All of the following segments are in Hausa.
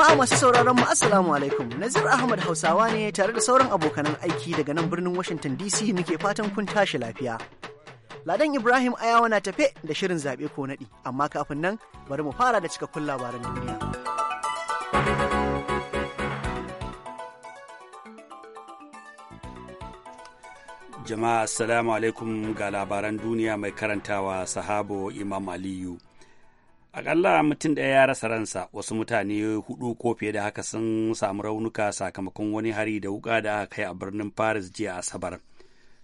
Jama'a masu sauraron mu Assalamu alaikum. Nazir Ahmad Hausawa ne tare da sauran abokanan aiki daga nan birnin Washington DC muke fatan kun tashi lafiya. Ladan Ibrahim Ayawa na tafe da shirin zaɓe ko naɗi, amma kafin nan bari mu fara da cikakkun labaran duniya. Jama'a Assalamu alaikum ga labaran duniya mai karantawa sahabo Imam Aliyu. Akalla mutum ɗaya ya rasa ransa, wasu mutane hudu ko fiye da haka sun samu raunuka sakamakon wani hari da wuka da aka kai a birnin Paris jiya Asabar.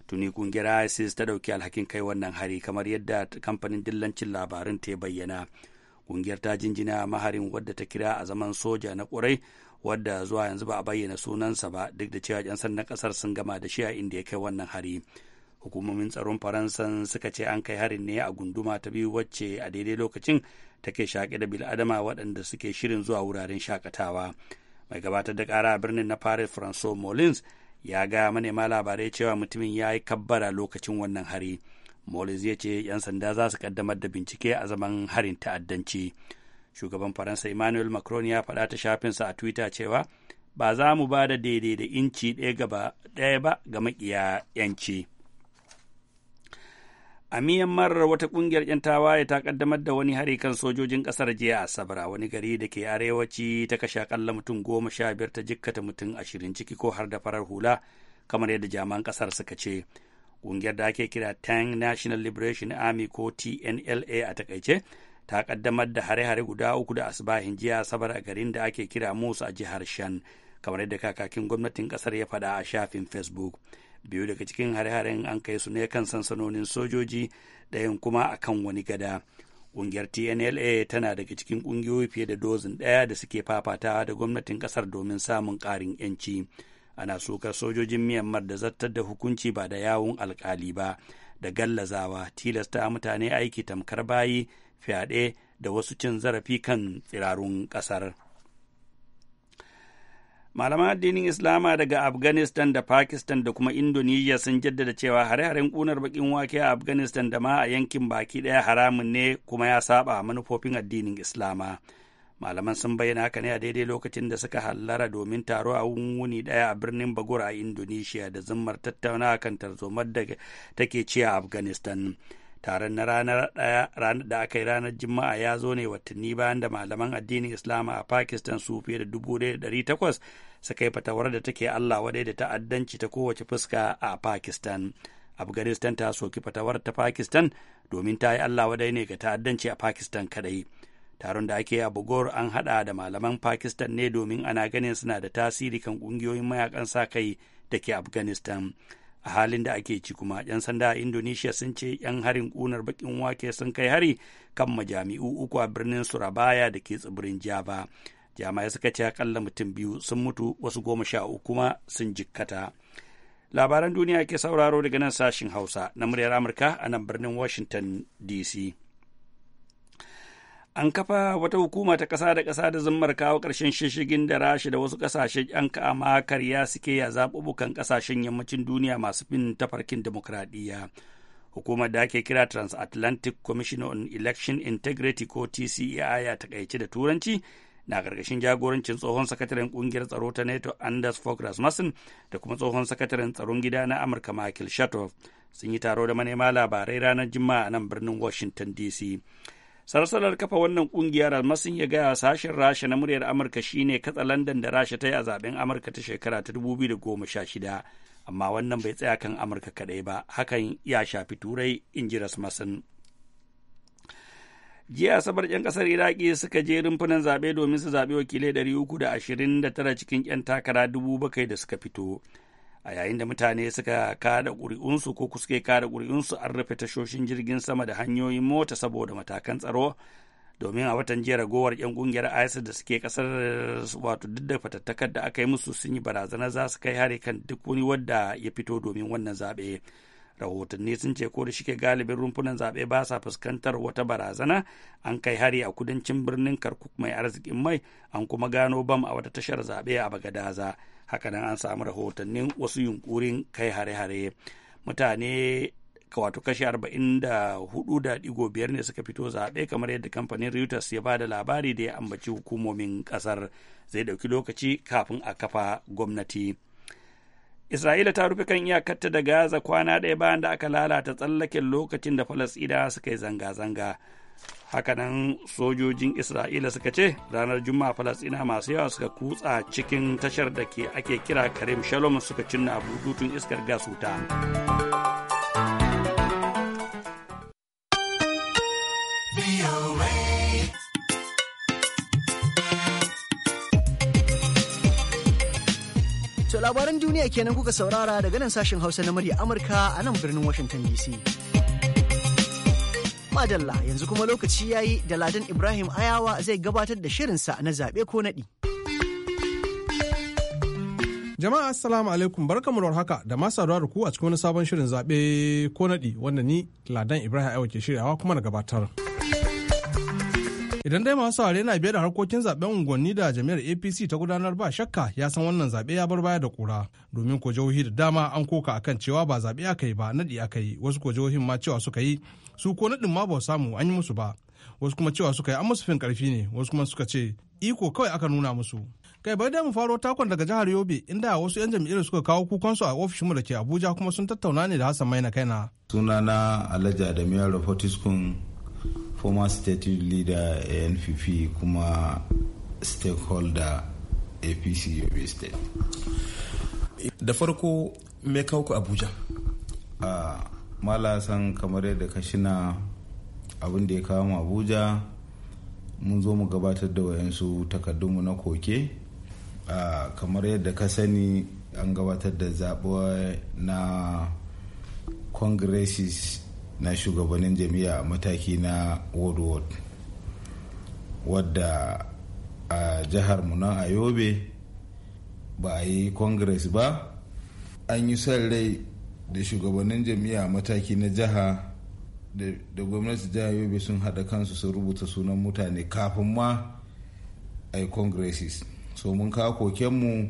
Tuni kungiyar ISIS ta dauki alhakin kai wannan hari kamar yadda kamfanin dillancin labarin ta bayyana. Kungiyar ta jinjina maharin wadda ta kira a zaman soja na kurai wadda zuwa yanzu ba a bayyana sunansa ba duk da cewa 'yan sandan kasar sun gama da shi a inda ya kai wannan hari hukumomin tsaron faransan suka ce an kai harin ne a gunduma ta biyu wacce a daidai lokacin ta ke shaƙe da bil'adama waɗanda suke shirin zuwa wuraren shakatawa mai gabatar da ƙara a birnin na paris François molins ya ga manema labarai cewa mutumin ya yi kabbara lokacin wannan hari molins ya ce 'yan sanda za su kaddamar da bincike a zaman harin ta'addanci shugaban faransa emmanuel macron ya faɗa ta shafinsa a twitter cewa ba za mu ba da daidai da inci ɗaya ba ga maƙiya 'yanci. A Myanmar wata kungiyar 'yan tawaye ta kaddamar da wani hari kan sojojin ƙasar jiya a Sabra wani gari da ke arewaci ta kashe akalla mutum goma sha biyar ta jikkata mutum ashirin ciki ko har da farar hula kamar yadda jaman ƙasar suka ce. Kungiyar da ake kira Tang National Liberation Army ko TNLA a takaice ta kaddamar da hare-hare guda uku da asibahin jiya Sabra a garin da ake kira Musa a jihar Shan kamar yadda kakakin gwamnatin ƙasar ya faɗa a shafin Facebook. biyu daga cikin hare-haren an kai su ne kan sansanonin sojoji ɗayan kuma a kan wani gada ƙungiyar tnla tana daga cikin ƙungiyoyi fiye da dozin ɗaya da suke fafatawa da gwamnatin ƙasar domin samun ƙarin 'yanci ana sukar sojojin myanmar da zartar da hukunci ba da yawun alkali ba da gallazawa tilasta mutane aiki tamkar bayi fyaɗe da wasu cin zarafi kan tsirarun ƙasar. Malaman addinin Islama daga Afghanistan da Pakistan da kuma Indonesia sun jaddada cewa hare-haren ƙunar bakin wake a Afghanistan da ma a yankin baki ɗaya haramun ne kuma ya saba manufofin addinin Islama. Malaman sun bayyana haka ne a daidai lokacin da suka hallara domin taro a wuni ɗaya a birnin bagur a Indonesia da zummar tattauna kan tarzomar da take ci a Afghanistan. taron na ranar ranar da aka yi ranar juma'a ya zo ne watanni bayan da malaman addinin islam a pakistan su fiye da dubu takwas suka yi fatawar da take allah wadai da ta'addanci ta kowace fuska a pakistan afghanistan ta soki fatawar ta pakistan domin ta yi allah wadai ne ga ta'addanci a pakistan kadai taron da ake a bugor an hada da malaman pakistan ne domin ana ganin suna da tasiri kan kungiyoyin mayakan sa kai da ke afghanistan a halin da ake ci kuma 'yan sanda a indonesia sun ce 'yan harin kunar bakin wake sun kai hari kan majami'u uku a birnin surabaya da ke tsibirin java jami'ai suka ce akalla mutum biyu sun mutu wasu goma sha uku kuma sun jikkata labaran duniya ke sauraro daga nan sashin hausa na muryar amurka a nan birnin washington dc an kafa wata hukuma ta ƙasa da kasa da zammar kawo karshen shishigin da rashi da wasu ƙasashen an kama karya suke ya zaɓuɓɓukan ƙasashen yammacin duniya masu bin tafarkin demokradiyya. Hukumar da ake kira Transatlantic Commission on Election Integrity ko TCEI ya takaici da Turanci na gargashin jagorancin tsohon sakataren kungiyar tsaro ta NATO Anders Fogh Rasmussen da kuma tsohon sakataren tsaron gida na Amurka Michael Shatov sun yi taro da manema labarai ranar Juma'a nan birnin Washington DC. sarsalar kafa wannan kungiyar almasin ya gaya sashen rasha na muryar amurka shine katsa london da rasha ta yi a zaben amurka ta shekara ta 2016 amma wannan bai tsaya kan amurka kadai ba hakan ya shafi turai in ji rasmasin jiya asabar 'yan kasar iraki suka je rumfunan zaɓe domin su zaɓi wakilai 329 cikin 'yan takara 7,000 da suka fito a yayin da mutane suka kada ƙuri'unsu ko kuske kada ƙuri'unsu an rufe tashoshin jirgin sama da hanyoyin mota saboda matakan tsaro domin a watan jiya ragowar 'yan kungiyar isis da suke kasar wato duk da fatattakar da aka yi musu sun yi barazana za su kai hari kan duk wani wadda ya fito domin wannan zaɓe rahotanni sun ce ko da shike galibin rumfunan zaɓe ba sa fuskantar wata barazana an kai hari a kudancin birnin karkuk mai arzikin mai an kuma gano bam a wata tashar zaɓe a bagadaza haka hakanan an samu rahotannin wasu yunkurin kai hare-hare mutane wato kashi 44.5 ne suka fito zaɓe kamar yadda kamfanin reuters ya ba da labari da ya ambaci hukumomin ƙasar zai ɗauki lokaci kafin a kafa gwamnati. Isra'ila ta rufe kan iyakarta da Gaza kwana ɗaya bayan da aka lalata tsallaken lokacin da falasɗina suka yi zanga-zanga. hakanan sojojin isra'ila suka ce ranar juma'a falasina masu yawa suka kutsa cikin tashar da ke ake kira karim shalom suka cinna bututun iskar gas wuta To labaran duniya kenan kuka saurara daga nan sashen hausa na murya amurka a nan birnin washington dc Madalla yanzu kuma lokaci ya yi da Ladan Ibrahim Ayawa zai gabatar da shirinsa na zaɓe ko naɗi. Jama'a Assalamu alaikum barkamu da haka da masu saduwa da ku a cikin wani sabon shirin zaɓe ko naɗi wanda ni Ladan Ibrahim Ayawa ke shiryawa kuma na gabatar. idan dai masu saurare na biye da harkokin zaben unguwanni da jami'ar apc ta gudanar ba shakka ya san wannan zaɓe ya bar baya da kura domin ko jihohi da dama an koka akan cewa ba zaɓe aka yi ba naɗi aka yi wasu ko jihohin ma cewa suka yi su ko naɗin ma ba samu an yi musu ba wasu kuma cewa suka yi an musu fin ƙarfi ne wasu kuma suka ce iko kawai aka nuna musu kai bai dai mu faro takon daga jihar yobe inda wasu 'yan jam'iyyar suka kawo kukansu a ofishinmu da ke abuja kuma sun tattauna ne da hassan maina kaina sunana alhaji adamu yaro former state leader npp kuma stakeholder apc yobe state da farko me kawo ku abuja a mala kamar yadda ka shina abin da ya kawo mu abuja mun zo mu gabatar da wayansu takardunmu na koke kamar yadda ka sani an gabatar da zaɓe na congresses na shugabannin jami'a mataki na world world wadda a jihar na a yobe ba a yi congress ba an yi son rai da shugabannin jami'a mataki na jiha da gwamnati jihar yobe sun haɗa kansu sun rubuta sunan mutane kafin ma a yi congresses so mun kawo kokenmu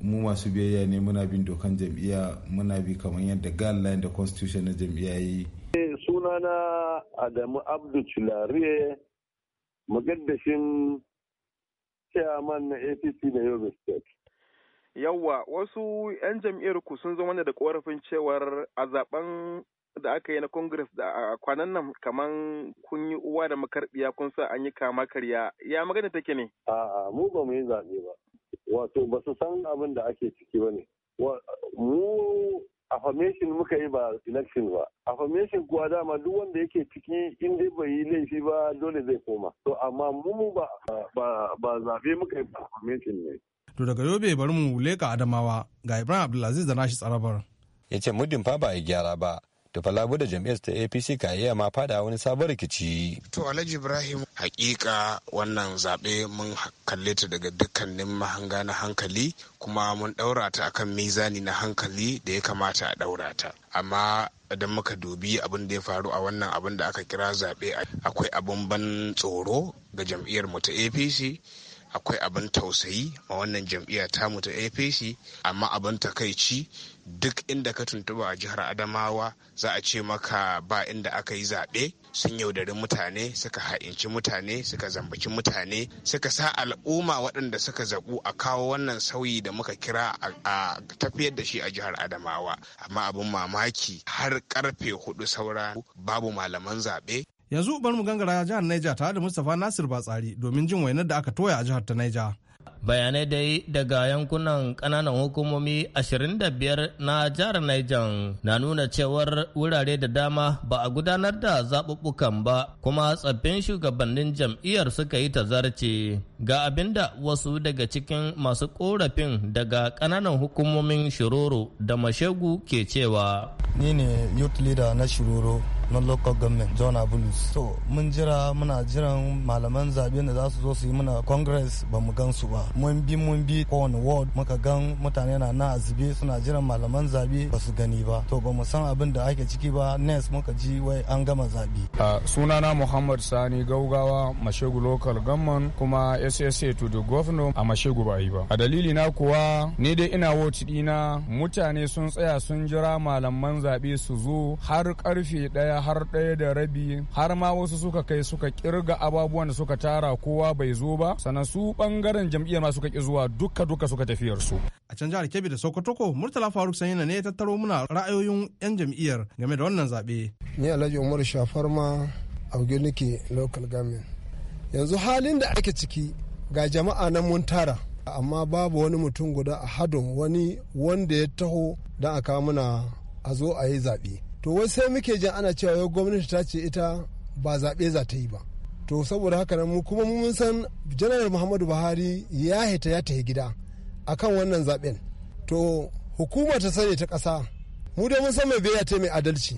mu masu biyayya ne muna bin dokan jam'iyya muna bi kamar yadda guideline da constitution na jam'iyya yi eh, sunana adamu abdu chulariye magaddashin chairman na apc na yobe state yawwa wasu 'yan jam'iyyar ku sun zama da korafin cewar a zaben da aka yi na congress da a kwanan nan kamar kun yi uwa da makarbiya kun sa an yi kama karya ya magana take ne a'a mu ba mu yi zaɓe ba wato ba su san abin da ake ciki ba ne mu affirmation muka yi ba election ba affirmation kuwa dama duk wanda yake ciki in dai bai yi laifi ba dole zai koma to amma mu ba ba zabe muka yi ba affirmation ne to daga yobe bari mu leka adamawa ga ibrahim abdulaziz da nashi tsarabar ya ce muddin fa ba a gyara ba Da falabu da jam'iyyar ta apc ka iya ma fada wani sabon rikici to alhaji ibrahim hakika wannan zaɓe mun kalle ta daga dukkanin mahanga na hankali kuma mun ɗaura ta akan mizani na hankali da ya kamata a ɗaura ta amma idan muka dubi abin da ya faru a wannan abin da aka kira zaɓe akwai abin ban tsoro ga jam'iyyar mu ta apc akwai abin tausayi a wannan ta mu ta apc amma abin takaici duk inda ka tuntuba a jihar adamawa za a ce maka ba inda aka yi zaɓe sun yaudari mutane suka ha'inci mutane suka zambaci mutane suka sa al'umma waɗanda suka zaɓu a kawo wannan sauyi da muka kira a tafiyar da shi a jihar adamawa amma abin mamaki har karfe hudu saura babu malaman zaɓe yanzu bar mu gangara jihar Niger tare da Mustapha Nasir Batsari domin jin wainar da aka toya a jihar ta Niger bayanai dai daga yankunan kananan hukumomi 25 na jihar Niger na nuna cewar wurare da dama ba a gudanar da zaɓuɓɓukan ba kuma tsaffin shugabannin jam'iyyar suka yi ta zarci, ga abinda wasu daga cikin masu ƙorafin daga kananan hukumomin shiroro da mashegu ke cewa ni ne youth leader na shiroro na local government John abulus to mun jira muna jiran malaman zaɓe da za su zo su yi mana congress ba mu gan su ba mun bi mun bi kowane ward muka gan mutane na na azube suna jiran malaman zaɓe ba su gani ba to ba mu san abin da ake ciki ba nes muka ji wai an gama zaɓe. sunana muhammad sani gaugawa mashegu local government kuma ssa to the governor a mashegu ba yi ba a dalili na kuwa ni dai ina wot dina mutane sun tsaya sun jira malaman zaɓe su zo har karfe ɗaya har ɗaya da rabi har ma wasu suka kai suka kirga ababuwan da suka tara kowa bai zo ba sannan su bangaren jam'iyyar ma suka ki zuwa duka duka suka tafiyar su. A can jihar Kebbi da Sokoto Murtala Faruk Sanyina ne ya tattaro muna ra'ayoyin 'yan jam'iyyar game da wannan zaɓe. Ni Alhaji Umaru Shafarma nake Local Government. Yanzu halin da ake ciki ga jama'a na mun tara amma babu wani mutum guda a hadon wani wanda ya taho don a kawo muna a zo a yi zaɓe. to wai sai muke jin ana cewa yau gwamnati ta ce ita ba zaɓe za ta yi ba to saboda haka nan mu kuma mun san janar muhammadu buhari ya hita ya tafi gida akan wannan zaɓen to hukuma ta sani ta ƙasa mu dai mun san mai biyayya ta mai adalci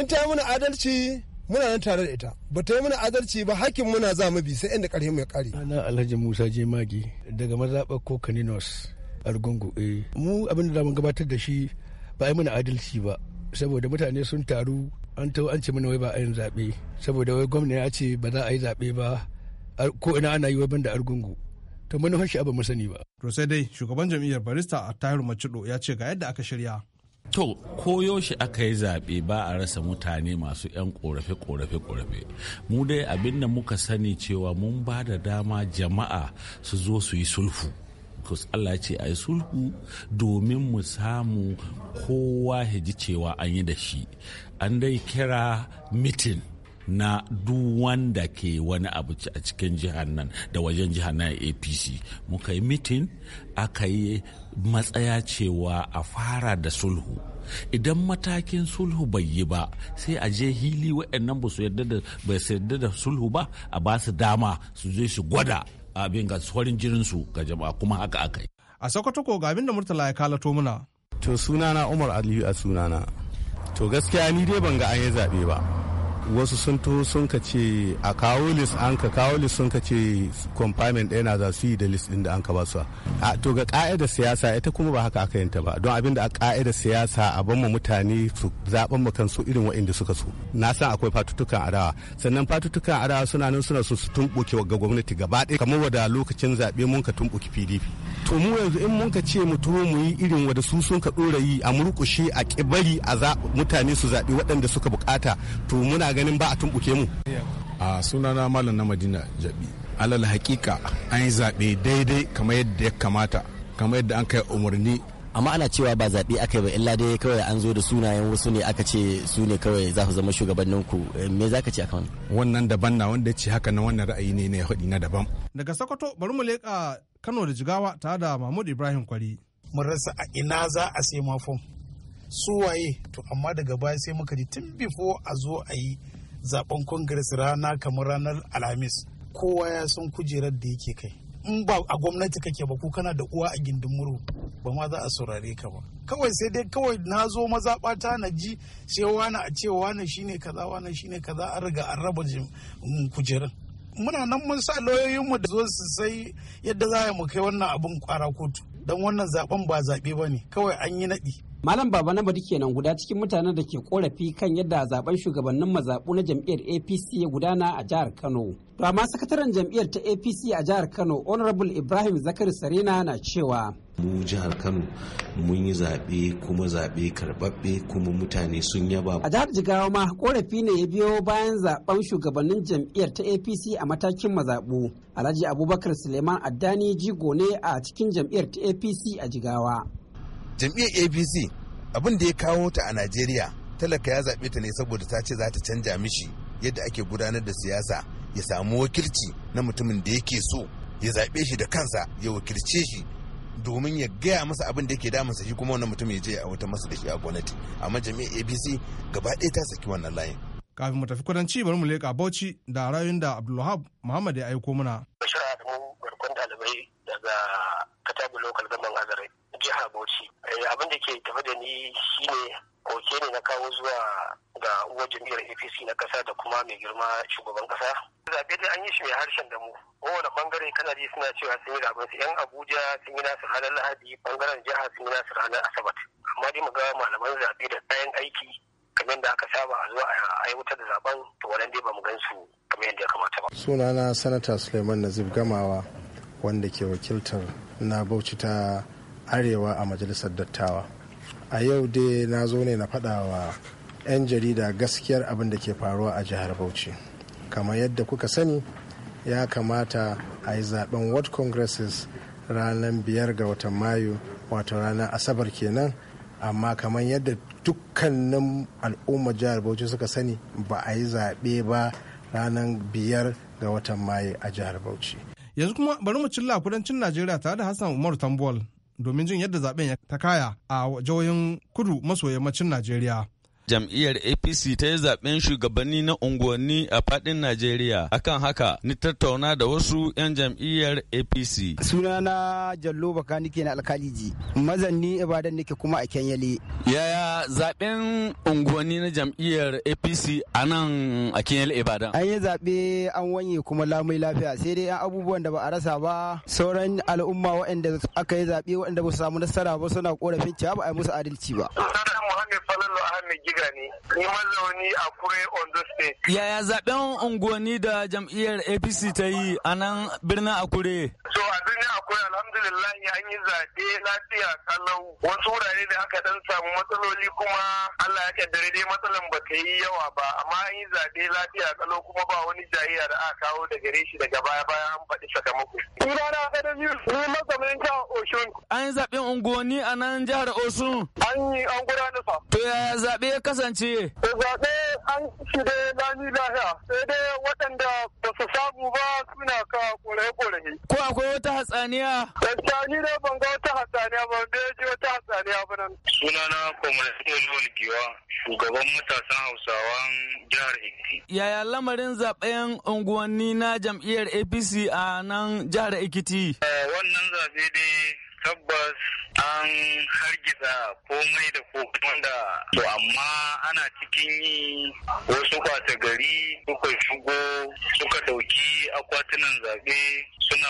in ta mana adalci muna nan tare da ita ba ta yi mana adalci ba hakkin muna za mu bi sai inda ƙarfi mai ƙari. ana alhaji musa jemagi daga mazaɓar kaninos argungu eh, mu abin da mun gabatar da shi ba a yi mana adalci ba saboda mutane sun taru an ta an ce mana wai ba a yin zaɓe saboda wai gwamna ya ce ba za a yi zaɓe ba ko ina ana yi wai banda argungu to manufar ba mu sani ba. to sai dai shugaban jam'iyyar barista a tahir macido ya ce ga yadda aka shirya. to ko yaushe aka yi zaɓe ba a rasa mutane masu 'yan korafe korafe korafe mu dai abin da muka sani cewa mun ba da dama jama'a su zo su yi sulfu Allah ya ce a yi sulhu domin mu samu kowa ya ji cewa an yi da shi an dai kira mitin na duk wanda ke wani abu a cikin jihar nan da wajen jihar nan apc muka yi mitin aka yi matsaya cewa a fara da sulhu idan matakin sulhu bai yi ba sai a je hili waɗannan ba su yarda da sulhu ba a ba su dama su je su gwada abin ga farin su ga jama'a kuma haka aka yi. A Sokoto ko ga abin da Murtala ya kalato muna. To sunana Umar Aliyu a sunana. To gaskiya ni dai ban ga an yi zaɓe ba. wasu sun to sun ka ce a kawo lis an ka kawo lis sun ka ce confinement ɗaya na za su yi da lis ɗin da an ka ba su a to ga ka'idar siyasa ita kuma ba haka aka yanta ba don abin da a ka'idar siyasa a ban ma mutane su zaɓan ma kansu irin waɗanda suka so na san akwai fatutukan adawa sannan fatutukan adawa suna nan suna so su tumɓuke ga gwamnati gaba ɗaya kamar wada lokacin zaɓe mun ka tumɓuke PDP to mu yanzu in mun ka ce mu turo mu yi irin wada su sun ka ɗora yi a murƙushe a ƙibari a mutane su zaɓi waɗanda suka buƙata to muna ganin ba a tumbuke mu a sunana malam na madina jabi alal hakika an yi zaɓe daidai kamar yadda ya kamata kamar yadda an kai umarni amma ana cewa ba zaɓe aka yi ba illa dai kawai an zo da sunayen wasu ne aka ce su ne kawai za ku zama shugabannin ku eh, me za ka ce akan wannan daban na wanda ce haka na wannan ra'ayi ne na faɗi na daban daga sokoto bari mu leƙa kano da jigawa tare da mahmud ibrahim kwari mun rasa a ina za a sai mafon su waye to amma daga baya sai muka ji tun bifo a zo a yi zaben congress rana kamar ranar alhamis kowa ya san kujerar da yake kai in ba a gwamnati kake ba ko kana da uwa a gindin murhu ba ma za a saurare ka ba kawai sai dai kawai na zo mazaɓata na ji sai wani a ce wani shine kaza wani shine kaza an riga an raba mm, kujerar muna nan mun sa lauyoyinmu da zo su sai yadda za mu kai wannan abin kwara kotu don wannan zaben ba zaɓe ba ne kawai an yi naɗi Malam Baba Namadi kenan guda cikin mutanen da ke korafi kan yadda zaben shugabannin mazaɓu na jam'iyyar APC ya gudana a jihar Kano. To amma sakataren jam'iyyar ta APC a jihar Kano Honorable Ibrahim Zakari Sarina na cewa mu jihar kano mun yi zaɓe kuma zaɓe karɓaɓɓe kuma mutane sun yaba a jihar jigawa ma korafi ne ya biyo bayan zaben shugabannin jam'iyyar ta apc a matakin mazaɓu alhaji abubakar suleiman addani jigo ne a cikin jam'iyyar ta apc a jigawa jam'iyyar apc abin da ya kawo ta a najeriya talaka ya zaɓe ta ne saboda ta ce za ta canja mishi yadda ake gudanar da siyasa ya samu wakilci na mutumin da yake so ya zaɓe shi da kansa ya wakilce shi domin ya gaya masa abin da yake damunsa shi kuma wannan mutum ya je a wata masa da shi a gwamnati amma jami'ar apc gaba ɗaya ta saki wannan layin kafin mu tafi kudanci bari mu leƙa bauchi da rayun da abdulwahab muhammad ya aiko muna bashir adamu barkon dalibai daga katabu local gaman azare jihar Bauchi. Eh, abin da ke tafi da ni shine koke ne na kawo zuwa ga uwar jam'iyyar APC na kasa da kuma mai girma shugaban kasa. Zaɓe dai an yi shi mai harshen da mu. Kowane bangare kana ji suna cewa sun yi zaɓen su 'yan Abuja sun yi nasu ranar Lahadi bangaren jihar sun yi nasu ranar Asabar. Amma dai mu ga malaman zaɓe da kayan aiki kamar da aka saba a zuwa a aiwatar da zaben to wannan dai ba mu gan su kamar yadda ya kamata ba. Sunana Sanata Suleiman Nazif Gamawa wanda ke wakiltar na Bauchi ta arewa a majalisar dattawa a yau dai na zo ne na faɗa wa 'yan jarida gaskiyar abin da ke faruwa a jihar bauchi kamar yadda kuka sani ya kamata a yi zaben world congresses ranar biyar ga watan mayu wato ranar asabar kenan amma kamar yadda dukkanin al'ummar jihar bauchi suka sani ba a yi zaɓe ba ranar biyar ga watan mayu a jihar bauchi yanzu kuma bari mu cilla kudancin najeriya tare da hassan umar tambuwal domin jin yadda zaben ta kaya a jihohin kudu maso yammacin Najeriya. jam'iyyar apc ta yi zaben shugabanni na unguwanni a fadin najeriya akan haka ni tattauna da wasu 'yan jam'iyyar apc sunana jallo baka nike na alkaliji mazanni ibadan nake kuma a kenyale yaya zaben unguwanni na jam'iyyar apc a nan a kenyale ibadan an yi zaɓe an wanye kuma lamai lafiya sai dai 'yan abubuwan da ba a rasa ba sauran al'umma waɗanda aka yi zaɓe waɗanda ba su samu nasara ba suna korafin cewa ba a yi musu adalci ba. bindiga ne ni mazauni a kure ondo state yaya zaben unguwanni da jam'iyyar apc ta yi a nan birnin akure so a birnin akure alhamdulillah an yi zaɓe lafiya kalau wasu wurare da aka dan samu matsaloli kuma allah ya kaddare dai matsalan ba ta yi yawa ba amma an yi zaɓe lafiya kalau kuma ba wani jahiya da aka kawo da gare shi daga baya bayan an faɗi sakamako. Sunana Adamu, ni mazaunin jihar Oshun. An yi zaɓen unguwanni a nan jihar Osun. An yi an gudanar sa. To yaya zaɓe ya kasance? Eh, zaɓe an shi da lami lahiya, sai dai waɗanda ba su samu ba suna ka ƙorafe-ƙorafe. Ko akwai wata hatsaniya? Gaskiya ni dai ban ga wata hatsaniya ba, bai ji wata hatsaniya ba nan. Sunana Kwamnati Lewin Giwa, shugaban matasan Hausawan jihar Ekiti. Yaya lamarin zaɓen unguwanni na jam'iyyar APC a nan jihar Ekiti? Eh, wannan zaɓe dai tabbas an hargitsa komai da kokon da. to amma ana cikin yi wasu kwata gari suka shigo suka dauki akwatunan zaɓe suna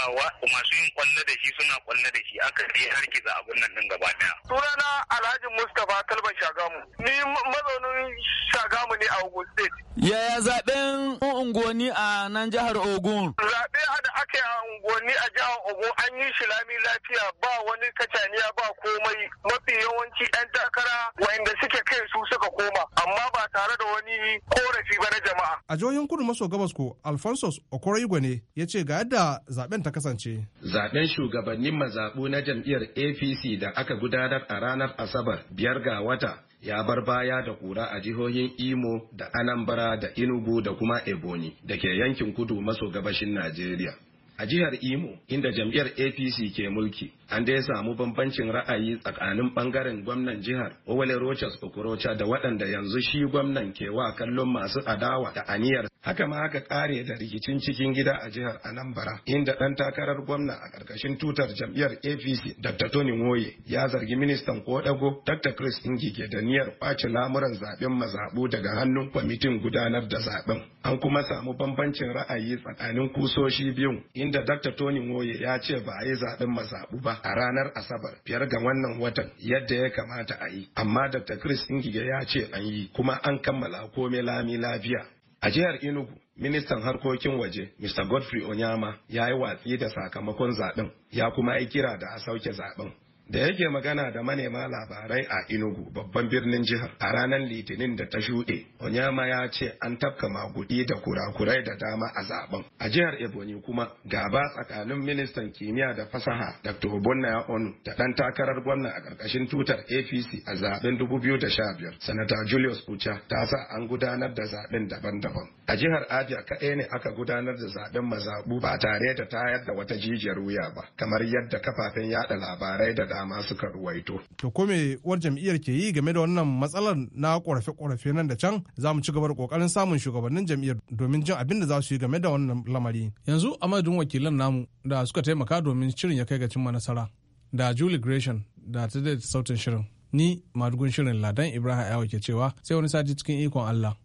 masu yin kwallo da shi suna kwallo da shi aka dai hargiza abin nan din gaba daya. Sunana Alhaji Mustapha Talba Shagamu. Ni mazaunin Shagamu ne a Ogun State. Yaya zaɓen unguwanni a nan jihar Ogun? Zaɓe da aka a unguwanni a jihar Ogun an yi shi lami lafiya ba wani kacaniya ba komai mafi yawanci 'yan takara wa'inda suke kai su suka koma amma ba tare da wani korafi ba na jama'a. A jihohin kudu maso gabas ko Alphonsus Okoroigwe ne ya ce ga yadda zaben ta kasance. Zaben shugabannin mazaɓu na jam'iyyar APC da aka gudanar a ranar Asabar biyar ga wata ya bar baya da kura a jihohin Imo da Anambra da Enugu da kuma Ebonyi da ke yankin kudu maso gabashin Najeriya. a jihar imo inda jam'iyyar apc ke mulki an dai samu bambancin ra'ayi tsakanin bangaren gwamnan jihar owale rochas okorocha da waɗanda yanzu shi gwamnan ke wa kallon masu adawa da aniyar haka ma haka kare da rikicin cikin gida a jihar Anambara. inda dan takarar gwamna a karkashin tutar jam'iyyar apc dr tony moye ya zargi ministan kodago dr chris ingige da niyyar kwace lamuran zaben mazabu daga hannun kwamitin gudanar da zaben an kuma samu bambancin ra'ayi tsakanin kusoshi biyun inda dr tony moye ya ce ba a yi zaben mazabu ba a ranar asabar biyar ga wannan watan yadda ya kamata a yi amma dr chris ingige ya ce an yi kuma an kammala komai lami lafiya A jihar Enugu, ministan harkokin waje Mr. Godfrey Onyama ya yi watsi da sakamakon zaben ya kuma yi kira da a sauke zaben. da yake magana da manema labarai a inugu babban birnin jihar a ranar litinin da ta shuɗe onyama ya ce an tafka maguɗi da kurakurai da dama a zaben a jihar ebonyi kuma gaba tsakanin ministan kimiyya da fasaha dr obonna onu da ɗan takarar gwamna a ƙarƙashin tutar apc a zaben 2015 sanata julius ucha ta sa an gudanar da zaben daban-daban a jihar abia kaɗai ne aka gudanar da zaben mazaɓu ba tare da tayar da wata jijiyar wuya ba kamar yadda kafafen yaɗa labarai da dama suka ruwaito. To ko me uwar jam'iyyar ke yi game da wannan matsalar na ƙorafe-ƙorafe nan da can za mu ci gaba da ƙoƙarin samun shugabannin jam'iyyar domin jin abin da za su yi game da wannan lamari. Yanzu a wakilan namu da suka taimaka domin shirin ya kai ga cimma nasara da Julie Gresham da ta da sautin shirin. Ni madugun shirin Ladan Ibrahim Ayawa ke cewa sai wani sati cikin ikon Allah.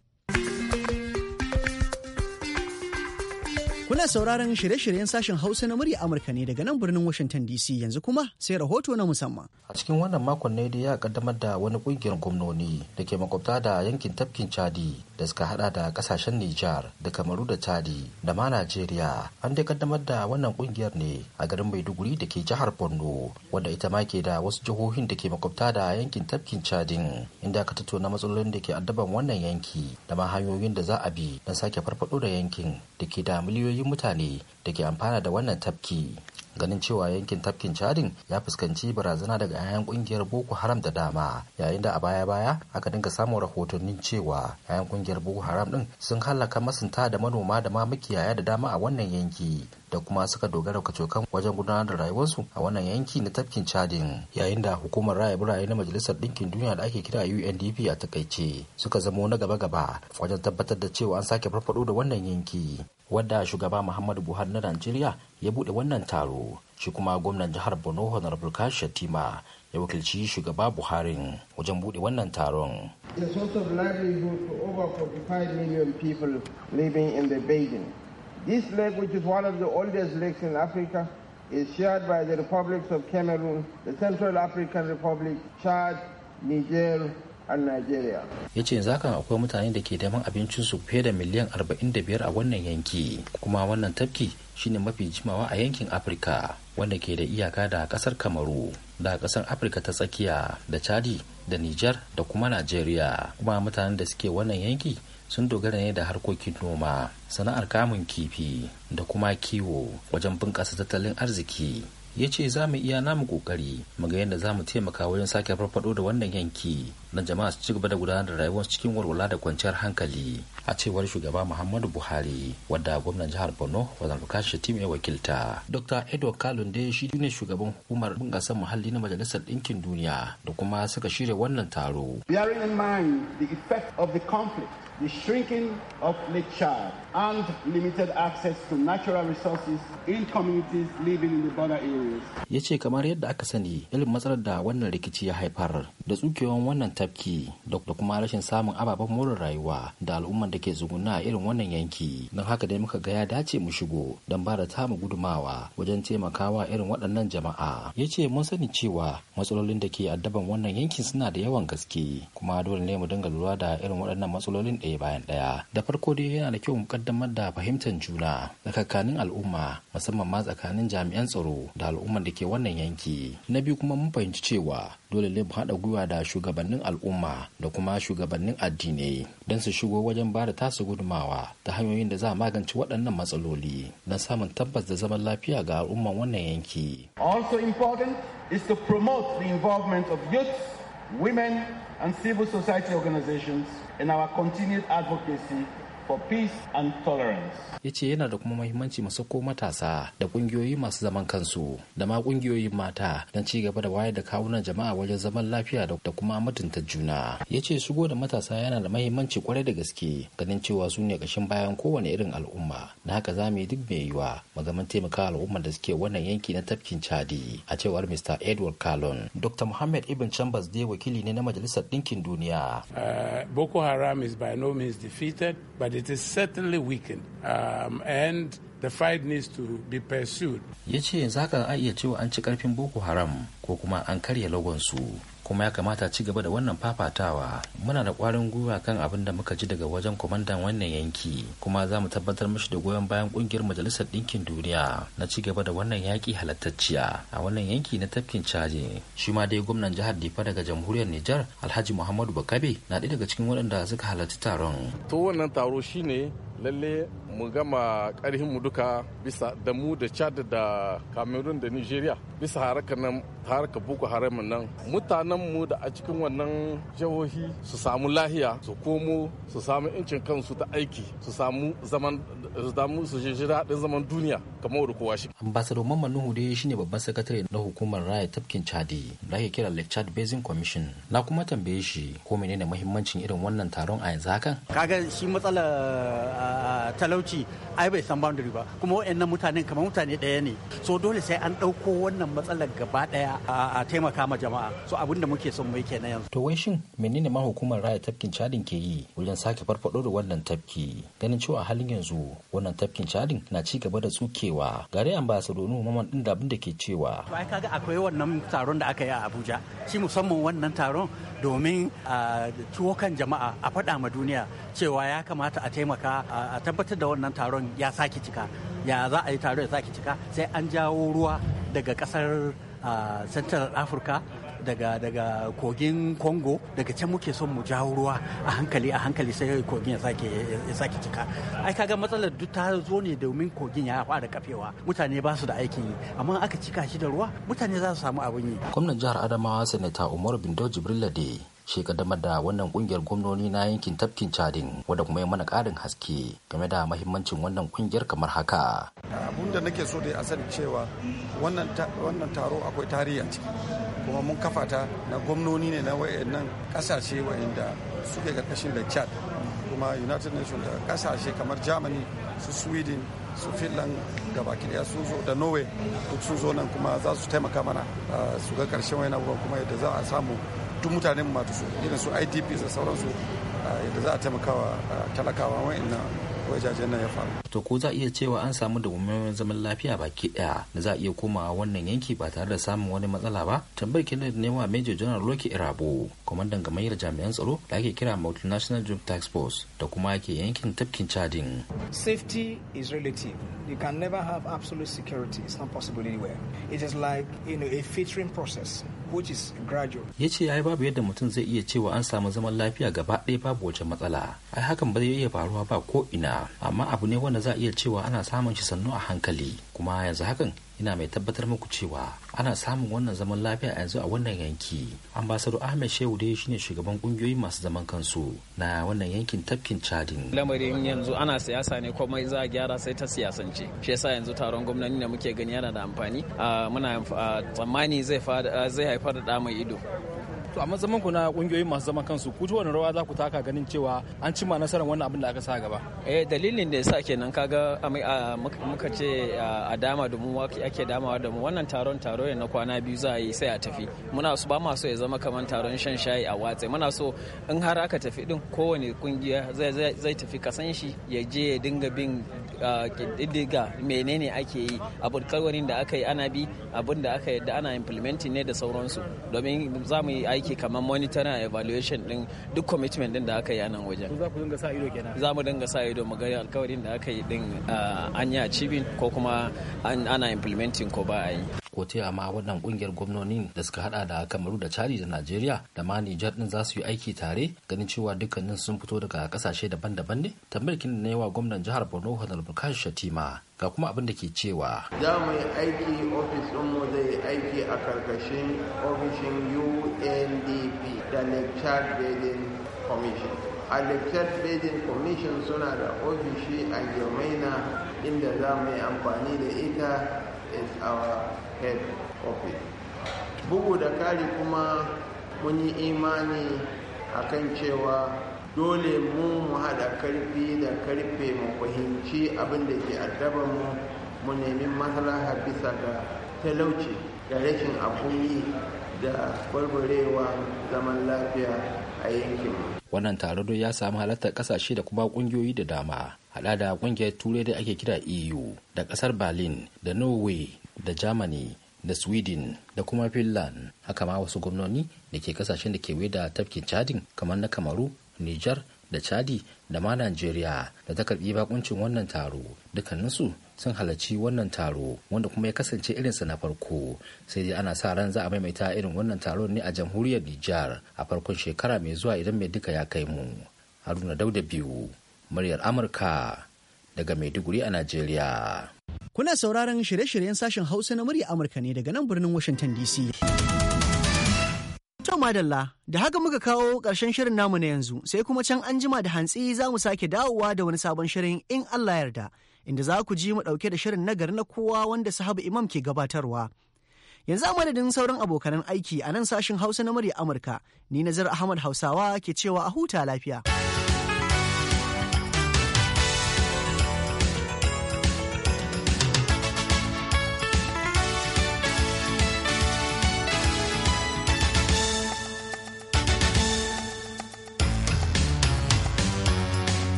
Kuna sauraron shirye-shiryen sashen Hausa na murya Amurka ne daga nan birnin Washington DC yanzu kuma sai rahoto na musamman. A cikin wannan makon ne dai ya kaddamar da wani kungiyar gwamnoni da ke makwabta da yankin tafkin Chadi da suka hada da kasashen Nijar da Kamaru da Chadi da ma Najeriya. An dai kaddamar da wannan kungiyar ne a garin Maiduguri da ke jihar Borno wanda ita ma ke da wasu jihohin da ke makwabta da yankin tafkin Chadin inda aka tattauna matsalolin da ke addaban wannan yanki da ma hanyoyin da za a bi don sake farfado da yankin da ke da miliyoyin mutane da ke amfana da wannan tafki ganin cewa yankin tafkin chadin ya fuskanci barazana daga 'ya'yan kungiyar boko haram da dama yayin da a baya-baya aka dinga samun rahotannin cewa 'ya'yan kungiyar boko haram din sun halaka masunta da manoma da ma makiyaya da dama a wannan yanki da kuma suka dogara kacokan wajen gudanar da rayuwarsu a wannan yanki na tafkin chadin yayin da hukumar raya birane na majalisar ɗinkin duniya da ake kira undp a takaice suka zamo na gaba-gaba wajen tabbatar da cewa an sake farfado da wannan yanki wadda shugaba muhammadu buhari na najeriya ya buɗe wannan taro shi kuma gwamnan jihar borno honorable kashi shatima ya wakilci shugaba Buharin wajen buɗe wannan taron The source of livelihood for over 45 million people living in the Beijing. This lake, which is one of the oldest lakes in Africa, is shared by the republics of Cameroon, the Central African Republic, Chad, Niger, and Nigeria. Ya ce yanzu akwai mutane da ke abincin su fiye da miliyan 45 a wannan yanki, kuma wannan tafki shine mafi jimawa a yankin Afirka wanda ke da iyaka da kasar Kamaru, da kasar Afirka ta tsakiya, da Chadi, da Nijar, da kuma nigeria Kuma mutanen da suke wannan yanki sun dogara ne da harkokin noma sana'ar kamun kifi da kuma kiwo wajen bunƙasa tattalin arziki ya ce za mu iya namu kokari mu ga yadda za mu taimaka wajen sake farfado da wannan yanki Na jama'a su ci gaba da gudanar da rayuwar cikin walwala da kwanciyar hankali a cewar shugaba muhammadu buhari wadda gwamnan jihar borno wadda lukashi tim ya wakilta dr edward kalunde shi ne shugaban hukumar bunƙasar muhalli na majalisar ɗinkin duniya da kuma suka shirya wannan taro bearing in mind the effect of the the shrinking of Lake Chad, and limited access to natural resources in communities living in the border areas. Ya ce kamar yadda aka sani irin matsalar da wannan rikici ya haifar da tsukewan wannan tafki da kuma rashin samun ababen more rayuwa da al'ummar da ke zuguna a irin wannan yanki. Don haka dai muka ga ya dace mu shigo don ba da tamu gudumawa wajen taimakawa irin waɗannan jama'a. Ya ce mun sani cewa matsalolin da ke addaban wannan yankin suna da yawan gaske kuma dole ne mu dinga lura da irin waɗannan matsalolin ɗaya ɗaya bayan ɗaya da farko dai yana da kyau mu kaddamar da fahimtar juna tsakanin al'umma musamman ma tsakanin jami'an tsaro da al'ummar da ke wannan yanki na biyu kuma mun fahimci cewa dole ne mu haɗa gwiwa da shugabannin al'umma da kuma shugabannin addinai don su shigo wajen ba da tasu gudumawa ta hanyoyin da za a magance waɗannan matsaloli don samun tabbas da zaman lafiya ga al'ummar wannan yanki. Also important is to promote the involvement of youth, women and civil society organizations in our continued advocacy for peace and tolerance. Ya ce yana da kuma mahimmanci mu sauko matasa da kungiyoyi masu zaman kansu da ma kungiyoyin mata don ci gaba da wayar da kawunan jama'a wajen zaman lafiya da kuma mutunta juna. Ya ce shigo da matasa yana da mahimmanci kwarai da gaske ganin cewa su ne kashin bayan kowane irin al'umma na haka za mu yi duk mai yiwa mu zaman taimaka al'umma da suke wannan yanki na tafkin Chadi a cewar Mr. Edward Kalon. Dr. Muhammad Ibn Chambers dai wakili ne na Majalisar ɗinkin Duniya. Eh, Boko Haram is by no means defeated but Um, the to be Ya ce za ka a iya cewa an ci karfin Boko Haram ko kuma an karya lagonsu. kuma ya kamata ci gaba da wannan fafatawa muna da kwarin gwiwa kan abin da muka ji daga wajen kwamandan wannan yanki kuma za mu tabbatar mashi da goyon bayan kungiyar majalisar ɗinkin duniya na ci gaba da wannan yaƙi halattacciya a wannan yanki na tafkin caji shi ma dai gwamnan jihar difa daga jamhuriyar nijar alhaji muhammadu bakabe na ɗaya daga cikin waɗanda suka halarci taron to wannan taro shine lalle mu gama mu duka bisa da mu da chad da cameroon da nigeria bisa harkar nan harkar boko haram nan mutanen mu da a cikin wannan jihohi su samu lahiya su komo su samu incin kansu ta aiki su samu zaman su damu su je daɗin zaman duniya kamar da kowa shi. ambassador mamman nuhu dai shine babban sakatare na hukumar raya tafkin chadi da ake kira lake chad basin commission na kuma tambaye shi ko menene muhimmancin irin wannan taron a yanzu haka. kaga shi matsalar talauci ai bai san boundary ba kuma waɗannan mutanen kamar mutane ɗaya ne so dole sai an ɗauko wannan matsalar gaba ɗaya a taimaka ma jama'a so abin da muke son mai kenan yanzu. to wai shin menene ma hukumar raya tafkin cadin ke yi wajen sake farfaɗo da wannan tafki ganin cewa halin yanzu wannan tafkin cadin na ci gaba da tsukewa gare donu maman ɗin da abin da ke cewa. to ai kaga akwai wannan taron da aka yi a abuja shi musamman wannan taron domin a ah, tuwo kan jama'a a faɗa ma duniya cewa ya kamata a taimaka a ah, a tabbatar da wannan taron ya sake cika ya za a yi taron ya sake cika sai an jawo ruwa daga kasar central africa daga daga kogin congo daga can muke son mu jawo ruwa a hankali a hankali sai kogin ya sake cika ai kaga matsalar duk ta zo ne domin kogin ya fara kafewa mutane ba su da aikin yi amma aka cika shi da ruwa mutane za su samu abin yi gwamnan jihar adamawa sanata umar bindo jibrila da shi kaddamar da wannan kungiyar gwamnoni na yankin tafkin chadin wadda kuma ya mana karin haske game da mahimmancin wannan kungiyar kamar haka abun da nake so da a sani cewa wannan taro akwai tarihi a ciki kuma mun kafa ta na gwamnoni ne na wayannan kasashe wayanda suke karkashin da chad kuma united nations da kasashe kamar germany su sweden su finland da baki daya sun zo da norway duk sun zo nan kuma za su taimaka mana ah, su ga karshen wayan abubuwan kuma yadda za a samu duk mutanen masu su irin su idps da sauransu ah, yadda za a taimakawa ah, talakawa wa'annan wajajen nan ya faru. To ko za a iya cewa an samu dawwammamin zaman lafiya baki daya da za a iya komawa wannan yanki ba tare da samun wani matsala ba? Tambayar kin da nema Major General Loki Irabo, kwamandan gamayyar jami'an tsaro da ake kira Multinational Joint Task Force da kuma ke yankin tafkin Chadin. Safety is relative. You can never have absolute security. It's not possible anywhere. It is like, you know, a filtering process. which is gradual. Ya ce ai babu yadda mutum zai iya cewa an samu zaman lafiya gaba ɗaya babu wajen matsala. Ai hakan ba zai iya faruwa ba ko ina amma abu ne wanda za a iya cewa ana samun shi sannu a hankali kuma yanzu hakan ina mai tabbatar muku cewa ana samun wannan zaman lafiya yanzu a wannan yanki ambasado ahmed shehu dai shine shugaban kungiyoyi masu zaman kansu na wannan yankin tafkin chadin lamarin yanzu ana siyasa ne komai za a gyara sai ta siyasance shi yasa yanzu taron gwamnati da muke gani yana da amfani ah, muna ah, tsammani zai haifar da mai ido to amma zaman ku na kungiyoyin masu zaman kansu ku ji wani rawa za ku taka ganin cewa an cimma nasarar wannan abin da aka sa gaba eh dalilin da yasa kenan kaga muka ce a dama da mu ake damawa da mu wannan taron taro ne na kwana biyu za a yi sai a tafi muna so ba ma so ya zama kamar taron shan shayi a watse muna so in har aka tafi din kowane kungiya zai tafi kasan shi ya je ya dinga bin diddiga menene ake yi abin kalwarin da aka yi ana bi abin da aka yadda ana implementing ne da sauransu domin za mu yi aiki kamar monitor and evaluation din duk commitment din da aka yi anan nan wajen za mu dinga sa ido mu ga alkawarin da aka yi din an yi cibin ko kuma ana implementing ko ba a yi ta amma wannan kungiyar gwamnonin da suka hada da kamaru da chadi da najeriya da ma nijar din za su yi aiki tare ganin cewa dukkanin sun fito daga kasashe daban-daban ne tambayar kin ne wa gwamnan jihar borno honar bukashi shatima ga kuma abin da ke cewa za mu yi aiki ofis mu zai yi aiki a karkashin ofishin undp da lecture building commission a lecture building commission suna da ofishi a germany inda za mu yi amfani da ita is our head of bugu da kari kuma mun yi imani kan cewa dole mu mu haɗa karfi da karfe mu fahimci abin da ke addaba mu mu nemi maslaha bisa ga talauci da rashin abun yi da barbarewa zaman lafiya a yankin wannan taro ya samu halartar kasashe da kuma kungiyoyi da dama hada da kungiyar turai da ake kira eu da kasar berlin da norway da germany da sweden da kuma finland haka ma wasu gwamnoni da ke kasashen da kewaye da tafkin chadin kamar na kamaru niger da chadi da ma Najeriya da ta karbi bakuncin wannan taro dukkaninsu sun halarci wannan taro wanda kuma ya kasance irinsa na farko sai dai ana sa ran za a maimaita irin wannan taron ne a jamhuriyar Niger, a farkon shekara mai zuwa idan mai duka ya kai mu Haruna Dauda biyu muryar Amurka daga Maiduguri a Nigeria. Kuna sauraron shirye-shiryen sashen Hausa na murya Amurka ne daga nan birnin Washington DC. To madalla, da haka muka kawo ƙarshen shirin namu na yanzu, sai kuma can an jima da hantsi za mu sake dawowa da wani sabon shirin in Allah yarda, inda za ku ji mu ɗauke da shirin na gari na kowa wanda sahabu imam ke gabatarwa. Yanzu a madadin sauran abokan aiki a nan sashin Hausa na murya Amurka, ni Nazar Ahmad Hausawa ke cewa a huta lafiya.